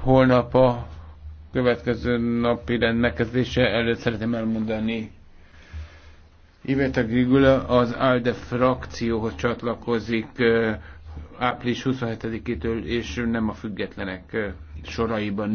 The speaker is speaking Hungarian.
Holnap a következő napi rend megkezdése előtt szeretném elmondani Iveta Grigula az ALDE frakcióhoz csatlakozik április 27-től, és nem a függetlenek soraiban